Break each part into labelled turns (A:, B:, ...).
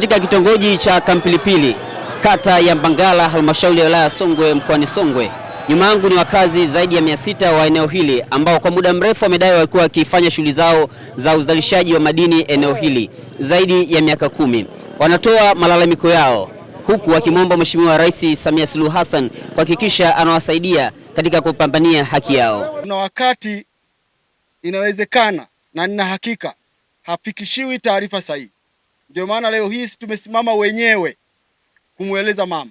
A: katika kitongoji cha Kampilipili kata ya Mbangala halmashauri ya wilaya Songwe mkoani Songwe. Nyuma yangu ni wakazi zaidi ya mia sita wa eneo hili ambao kwa muda mrefu wamedai walikuwa wakifanya shughuli zao za uzalishaji wa madini eneo hili zaidi ya miaka kumi. Wanatoa malalamiko yao huku wakimwomba Mheshimiwa Rais Samia Suluhu Hassan kuhakikisha anawasaidia katika kupambania haki yao.
B: Kuna wakati inawezekana na nina hakika hafikishiwi taarifa sahihi ndio maana leo hii tumesimama wenyewe kumweleza mama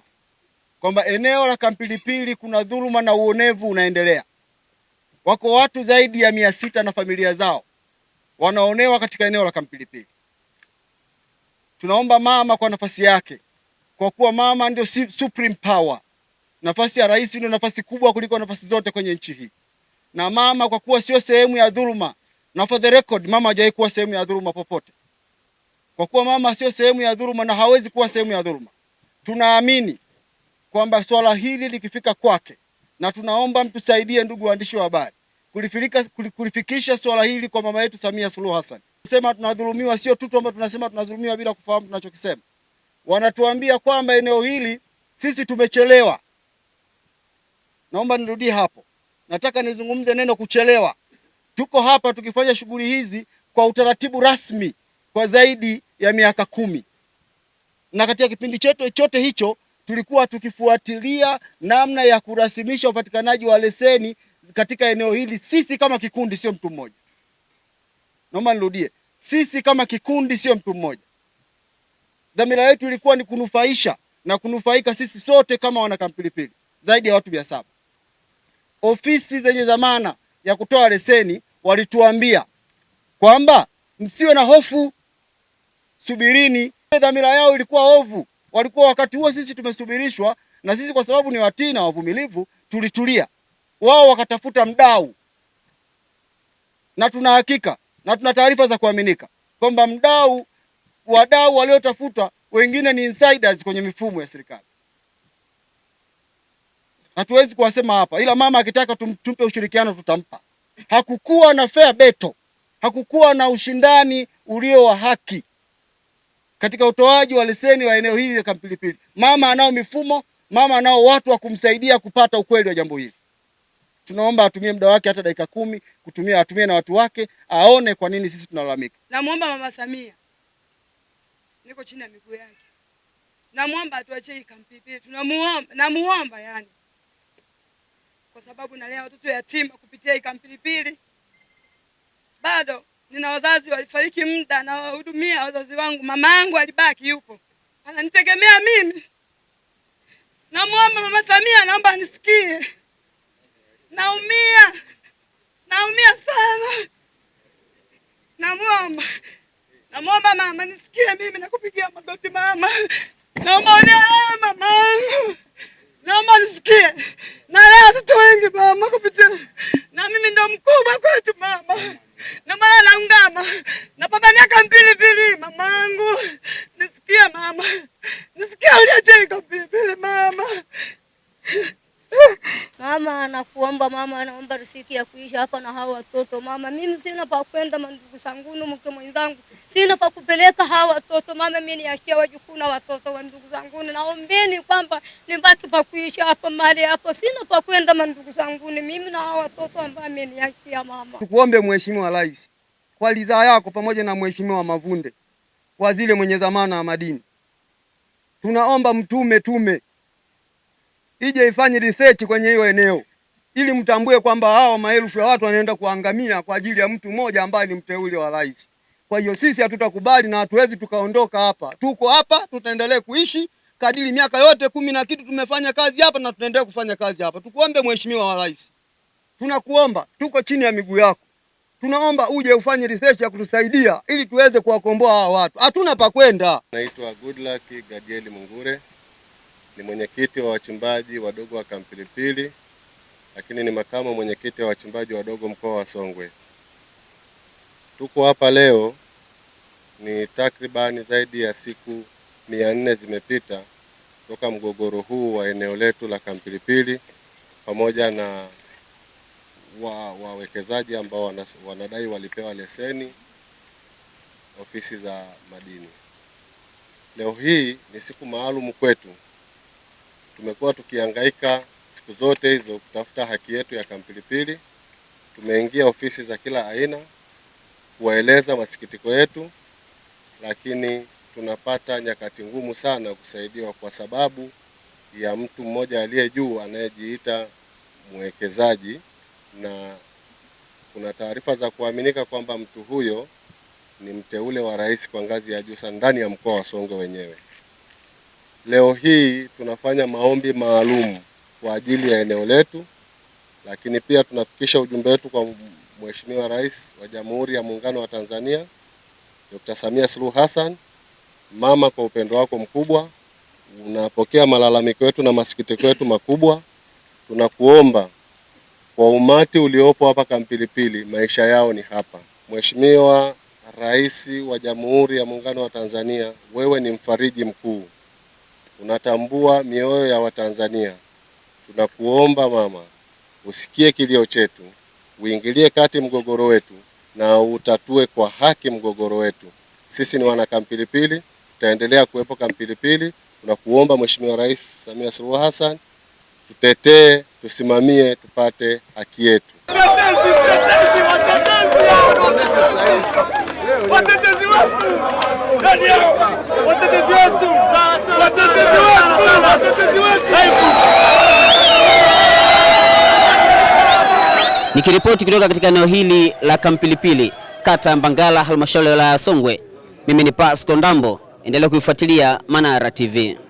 B: kwamba eneo la Kampilipili kuna dhuluma na uonevu unaendelea. Wako watu zaidi ya mia sita na familia zao wanaonewa katika eneo la Kampilipili. Tunaomba mama kwa nafasi yake, kwa kuwa mama ndio supreme power. Nafasi ya rais ndio nafasi kubwa kuliko nafasi zote kwenye nchi hii, na mama kwa kuwa sio sehemu ya dhuluma, na for the record, mama hajawahi kuwa sehemu ya dhuluma popote. Kwa kuwa mama sio sehemu ya dhuluma na hawezi kuwa sehemu ya dhuluma, tunaamini kwamba swala hili likifika kwake, na tunaomba mtusaidie, ndugu waandishi wa habari, kulifikisha swala hili kwa mama yetu Samia Suluhu Hassan. Tunasema tunadhulumiwa, sio tu kwamba tunasema tunadhulumiwa bila kufahamu tunachokisema. Wanatuambia kwamba eneo hili sisi tumechelewa. Naomba nirudie hapo, nataka nizungumze neno kuchelewa. Tuko hapa tukifanya shughuli hizi kwa utaratibu rasmi kwa zaidi ya miaka kumi, na katika kipindi chetu chote hicho tulikuwa tukifuatilia namna ya kurasimisha upatikanaji wa leseni katika eneo hili, sisi kama kikundi, sio mtu mmoja. Naomba nirudie, sisi kama kikundi, sio mtu mmoja. Dhamira yetu ilikuwa ni kunufaisha na kunufaika sisi sote kama wanakampilipili zaidi ya watu mia saba. Ofisi zenye dhamana ya kutoa leseni walituambia kwamba msiwe na hofu, subirini. Dhamira yao ilikuwa ovu, walikuwa wakati huo sisi tumesubirishwa, na sisi kwa sababu ni watii na wavumilivu tulitulia, wao wakatafuta mdau, na tuna hakika na tuna taarifa za kuaminika kwamba mdau, wadau waliotafutwa wengine ni insiders kwenye mifumo ya serikali. Hatuwezi kuwasema hapa, ila mama akitaka tumpe ushirikiano tutampa. Hakukuwa na fair battle, hakukuwa na ushindani ulio wa haki katika utoaji wa leseni wa eneo hili la Kampilipili. Mama anao mifumo, mama anao watu wa kumsaidia kupata ukweli wa jambo hili. Tunaomba atumie muda wake hata dakika kumi kutumia atumie na watu wake aone kwa nini sisi tunalalamika.
C: Namwomba Mama Samia, niko chini ya miguu yake, namwomba atuachie hii Kampilipili, tunamuomba namuomba yani, kwa sababu nalea watoto yatima kupitia hii Kampilipili bado nina wazazi walifariki muda, nawahudumia wazazi wangu, mama yangu alibaki yupo, ananitegemea mimi. Namwomba mama Samia, naomba anisikie. Naumia, naumia sana. Namwomba, namwomba mama nisikie mimi, nakupigia magoti mama, naomba onea mama yangu Unajenga pilipili mama.
D: Mama anakuomba mama, anaomba riziki ya kuishi hapa na hawa watoto mama. Mimi sina pa kwenda, mandugu zangunu, mke mwenzangu, sina pa kupeleka hawa watoto mama. Mimi niachia wajukuu na watoto wa ndugu zanguni, naombeni kwamba nibaki pa kuishi hapa mali hapo, sina pa kwenda mandugu zanguni, mimi na hawa watoto ambao ameniachia mama.
B: Tukuombe Mheshimiwa Rais kwa ridhaa yako pamoja na Mheshimiwa Mavunde, waziri mwenye zamana ya madini tunaomba mtume tume ije ifanye research kwenye hiyo eneo ili mtambue kwamba hao maelfu ya watu wanaenda kuangamia kwa ajili ya mtu mmoja ambaye ni mteuli wa rais. Kwa hiyo sisi hatutakubali na hatuwezi tukaondoka hapa. Tuko hapa, tutaendelea kuishi kadiri miaka yote kumi na kitu tumefanya kazi hapa na tunaendelea kufanya kazi hapa. Tukuombe mheshimiwa wa rais, tunakuomba, tuko chini ya miguu yako tunaomba uje ufanye research ya kutusaidia ili tuweze kuwakomboa hawa watu, hatuna pa kwenda.
E: Naitwa Goodluck Gadiel Mungure, ni mwenyekiti wa wachimbaji wadogo wa Kampilipili, lakini ni makamu mwenyekiti wa wachimbaji wadogo mkoa wa Songwe. Tuko hapa leo, ni takribani zaidi ya siku mia nne zimepita toka mgogoro huu wa eneo letu la Kampilipili pamoja na wa wawekezaji ambao wanadai walipewa leseni ofisi za madini. Leo hii ni siku maalum kwetu. Tumekuwa tukihangaika siku zote hizo kutafuta haki yetu ya Kampilipili. Tumeingia ofisi za kila aina kuwaeleza masikitiko yetu, lakini tunapata nyakati ngumu sana kusaidiwa kwa sababu ya mtu mmoja aliye juu anayejiita mwekezaji na kuna taarifa za kuaminika kwamba mtu huyo ni mteule wa rais kwa ngazi ya juu sana ndani ya mkoa wa Songwe wenyewe. Leo hii tunafanya maombi maalum kwa ajili ya eneo letu, lakini pia tunafikisha ujumbe wetu kwa Mheshimiwa Rais wa Jamhuri ya Muungano wa Tanzania Dr. Samia Suluhu Hassan. Mama, kwa upendo wako mkubwa unapokea malalamiko yetu na masikitiko yetu makubwa. Tunakuomba kwa umati uliopo hapa Kampilipili, maisha yao ni hapa. Mheshimiwa Rais wa Jamhuri ya Muungano wa Tanzania, wewe ni mfariji mkuu, unatambua mioyo ya Watanzania. Tunakuomba mama, usikie kilio chetu, uingilie kati mgogoro wetu na utatue kwa haki mgogoro wetu. Sisi ni wana Kampilipili, tutaendelea kuwepo Kampilipili. Tunakuomba Mheshimiwa Rais Samia Suluhu Hassan tutetee, tusimamie, tupate haki yetu.
A: Nikiripoti kutoka katika eneo hili la Kampilipili, kata ya Mbangala, halmashauri ya wilaya ya Songwe, mimi ni Pasco Ndambo. Endelea kuifuatilia Manara TV.